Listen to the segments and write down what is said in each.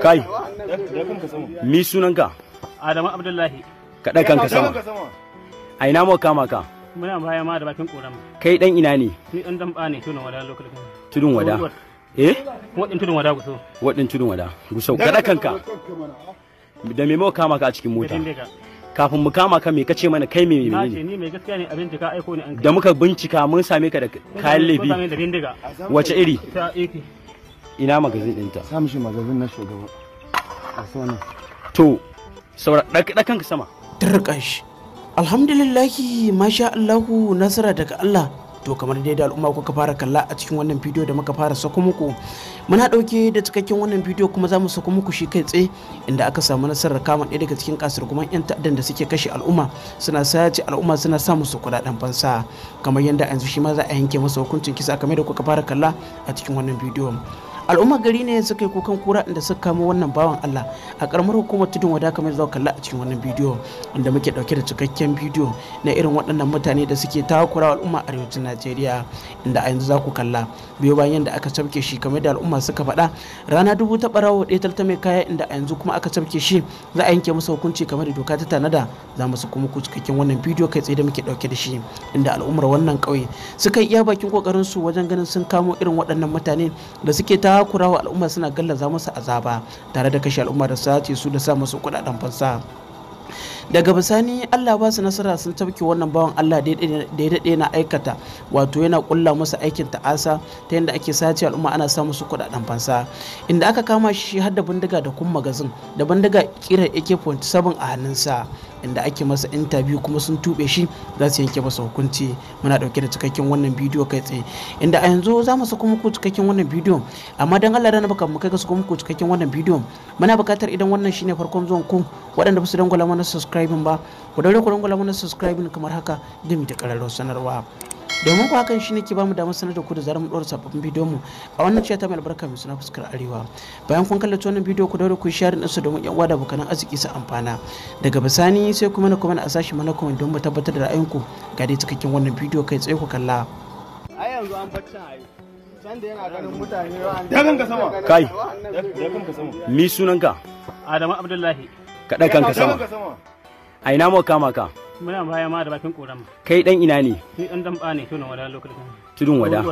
kai mi sunanka adamu abdullahi kaɗa kanka sama a ina mawa kama ka muna baya ma da bakin korama kai dan ina ne ni dan dan ne tunan wada lokacin tudun wada eh wadin tudun wada guso wadin tudun wada guso kaɗa kanka da me mawa kama ka a cikin mota kafin mu kama ka me ka ce mana kai me me ne ni mai gaskiya ne abin ka aiko ne an da muka bincika mun same ka da kayan laifi wace iri ta ina magazin ɗinta sa shi magazin na shugaba a sona. to saura ɗakan ka sama turkan shi alhamdulillahi masha allahu nasara daga allah to kamar dai da al'umma kuka fara kalla a cikin wannan bidiyo da muka fara sako muku muna dauke da cikakken wannan bidiyo kuma za mu sako muku shi kai tsaye inda aka samu nasarar kama ɗaya daga cikin kasar kuma yan ta'addan da suke kashe al'umma suna sace al'umma suna sa musu kuɗaɗen fansa kamar yadda yanzu shi ma za a yanke masa hukuncin kisa kamar da kuka fara kalla a cikin wannan bidiyo al'ummar gari ne suka yi kukan kura inda suka kama wannan bawan Allah a karamar hukumar tudun wada kamar zuwa kalla a cikin wannan bidiyo inda muke dauke da cikakken bidiyo na irin waɗannan mutane da suke takura al'umma a arewacin Najeriya inda a yanzu za ku kalla biyo bayan yadda aka cafke shi kamar da al'umma suka faɗa rana dubu ta barawo ɗaya ta mai kaya inda a yanzu kuma aka cafke shi za a yanke masa hukunci kamar da doka ta tanada za mu su kuma ku cikakken wannan bidiyo kai tsaye da muke dauke da shi inda al'ummar wannan ƙauye suka yi iya bakin kokarin su wajen ganin sun kamo irin waɗannan mutane da suke ta takura wa al'umma suna gallaza musu azaba tare da kashe al'umma da sace su da sa musu kudaden fansa daga bisani allah ba su nasara sun tafke wannan bawan allah da ya daɗe na aikata wato yana kulla musu aikin ta'asa ta yadda ake sace al'umma ana sa musu kudaden fansa inda aka kama shi har da bindiga da kun magazin da bindiga kiran ak-47 a hannunsa inda ake masa interview kuma sun tuɓe shi za su yanke masa hukunci muna dauke da cikakken wannan bidiyo kai tsaye inda a yanzu za mu saka muku cikakken wannan bidiyo amma dan Allah na baka mu kai ga saka muku cikakken wannan bidiyo muna bukatar idan wannan shine farkon zuwan ku waɗanda ba su dangwala mana subscribing ba ku daure ku dangwala mana subscribing kamar haka gami da ƙararrawar sanarwa domin kuwa kan shi ne ke bamu damar sanar da ku da zarar mu dora sabbin bidiyon mu a wannan cewa ta mai albarka mai suna fuskar arewa bayan kun kallaci wannan bidiyo ku daure ku share din su domin yan uwa da abokan arziki su amfana daga bisani sai kuma na kuma na asashi mana kuma don mu tabbatar da ra'ayin ku ga dai cikakken wannan bidiyo kai tsaye ku kalla a yanzu an bacci a yau can da yana ganin mutane ya ganka sama kai ya ganka sama mi sunanka adamu abdullahi ka dai kanka sama a ina mu kama ka muna baya ma da bakin koran kai dan ina ne ni dan damba ne tunan wada lokacin tudun wada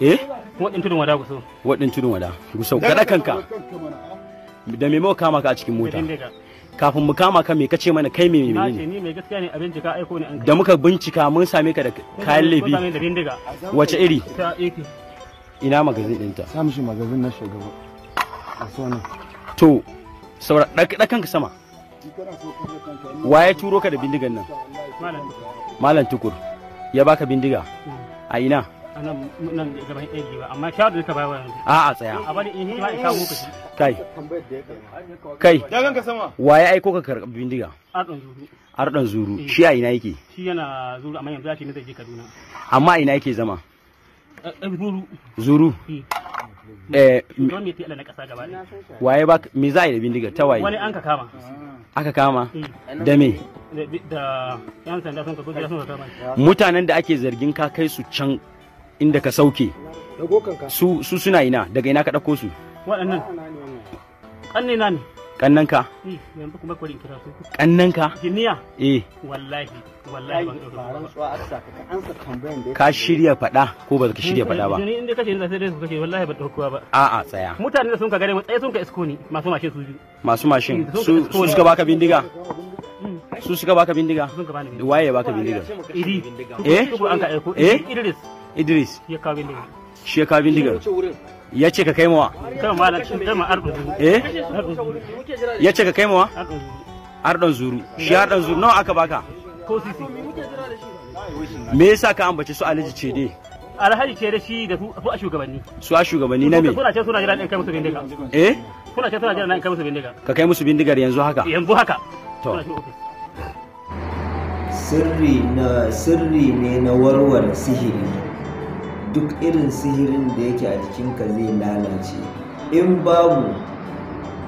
eh wadin tudun wada guso eh? wadin tudun wada guso kada kanka da me muka kama ka a cikin mota kafin mu kama ka me kace mana kai me me ne na ce ni me gaskiya ne abin jika aiko ne an da muka bincika mun same ka da kayan lebi wace iri ta AK. ina magazin dinta? sa mishi magazin na shugaba a so ne. to saura ɗakan ka sama wa ya turo ka da bindigan nan malam tukur ya baka bindiga a ina nan gaban a a tsaya kai kai wa ya aiko ka karɓi bindiga arɗan zuru eh. shi a ina yake shi yana zuru amma yanzu ya ce zama eh, eh, zuru Eh, eh, waye ba me za a yi da bindiga ta waye wani an ka kama ah. aka kama eh. da me da yan sanda sun ka kuka sun ka mutanen da ake zargin ka kai su can inda ka sauke su suna ina daga ina ka dauko su waɗannan ƙannina ne kannanka eh, yanzu kuma kwarin kira su kannanka jiniya eh wallahi wallahi ba rantsuwa a saka ka ansa tambayan da ka shirya fada ko ba ka eh, shirya fada ba ni inda kace ni sai dai kace wallahi ba dauko ba a'a tsaya mutane da sun ka gare mu tsaye sun ka isko ni masu mashin su biyu masu mashin eh, su suka baka bindiga hmm. su suka baka bindiga sun ka bani waye ya baka bindiga iri eh eh idris idris ya ka bindiga shi ya ka bindiga ya ce ka kai mawa eh ya ce ka kai mawa arɗon zuru shi arɗon zuru nawa aka baka me yasa ka ambace su alhaji ce dai alhaji ce da shi da su a shugabanni su a shugabanni na me kuna ce suna jira in kai musu bindiga eh kuna ce suna jira in kai musu bindiga ka kai musu bindigar yanzu haka yanzu haka to sirri na sirri ne na warware sihiri duk irin sihirin da yake a jikinka zai lalace in babu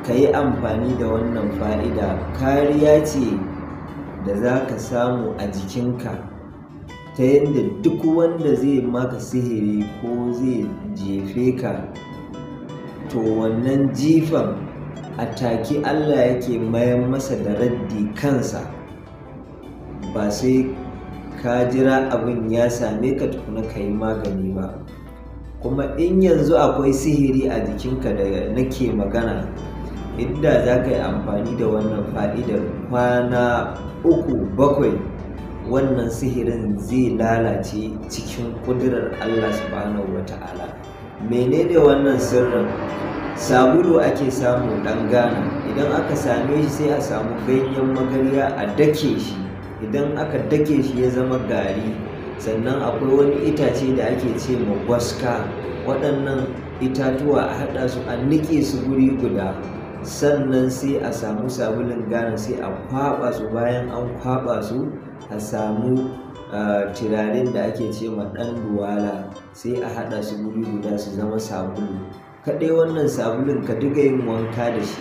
ka yi amfani da wannan fa'ida kariya ce da za ka samu a jikinka ta yadda duk wanda zai maka sihiri ko zai jefe ka to wannan jifan a taki allah yake mayan masa da raddi kansa ba sai ka jira abin ya same ka tukuna ka yi magani ba kuma in yanzu akwai sihiri a jikinka da nake magana inda za ka yi amfani da wannan fa'idar kwana uku bakwai wannan sihirin zai lalace cikin kudurar allah subhanahu wa ta'ala menene wannan sirrin sabulu ake samu dan gana idan aka same shi sai a samu ganyen magarya a dake shi idan aka dake shi ya zama gari sannan akwai wani itace da ake ce ma gwaska waɗannan itatuwa a haɗa su a niƙe su guri guda sannan sai a samu sabulin gane sai a kwaɓa su bayan an kwaɓa su a samu turarin da ake ce ma ɗan duwala sai a haɗa su guri guda su zama sabulu kaɗai wannan sabulun ka diga yin wanka da shi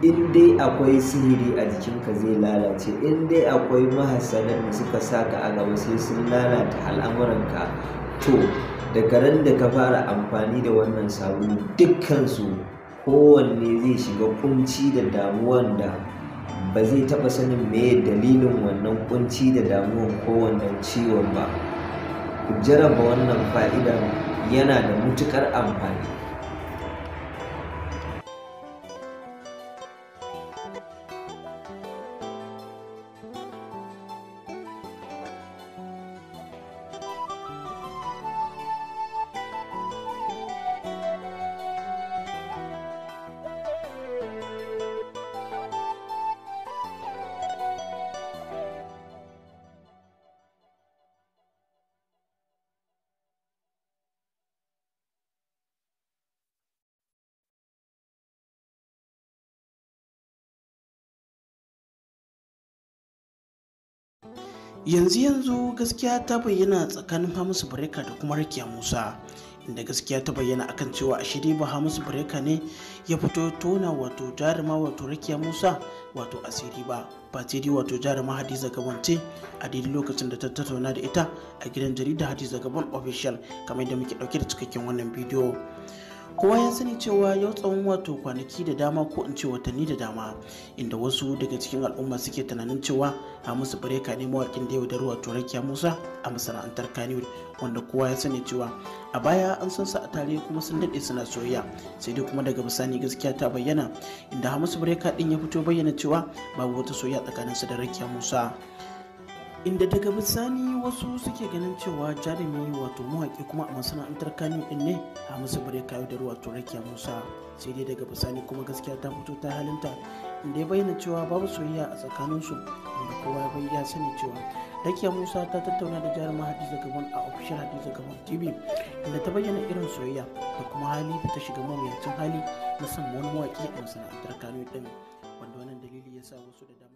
in dai akwai sihiri a jikinka zai lalace in dai akwai mahasadan da suka saka a gaba sai sun lalata al'amuranka to da ran da ka fara amfani da wannan sabu dukkansu kowanne zai shiga kunci da damuwan da ba zai taɓa sanin me dalilin wannan kunci da damuwan ko wannan ciwon ba ku jaraba wannan fa'ida yana da matuƙar amfani yanzu yanzu gaskiya ta bayyana tsakanin hamisu breka da kuma rikiya musa inda gaskiya ta bayyana akan cewa a shirye ba hamisu breka ne ya fito tona wato jaruma wato rikiya musa wato asiri ba ba ce dai wato jaruma hadiza gaban ce a daidai lokacin da ta tattauna da ita a gidan jarida hadiza gaban official kamar yadda muke dauke da cikakken wannan bidiyo kowa ya sani cewa yau tsawon wato kwanaki da dama ko in ce watanni da dama inda wasu daga cikin al'umma suke tunanin cewa hamisu bareka ne mawakin da yau da wato rakiya musa a masana'antar kaniwood wanda kowa ya sani cewa a baya an san sa a tare kuma sun daɗe suna soyayya sai dai kuma daga bisani gaskiya ta bayyana inda hamisu bareka ɗin ya fito bayyana cewa babu wata soyayya su da rakiya musa inda daga bisani wasu suke ganin cewa jarumi wato mawaƙi kuma a masana'antar kano din ne a musu bare kayo da to rakiya musa sai dai daga bisani kuma gaskiya ta fito ta halinta inda ya bayyana cewa babu soyayya a su inda kowa ya sani cewa rakiya musa ta tattauna da jaruma hadiza gaban a ofishin hadiza gaban tv inda ta bayyana irin soyayya da kuma hali da ta shiga mawuyacin hali na san wani mawaƙi a masana'antar kano din wanda wannan dalili ya sa wasu da dama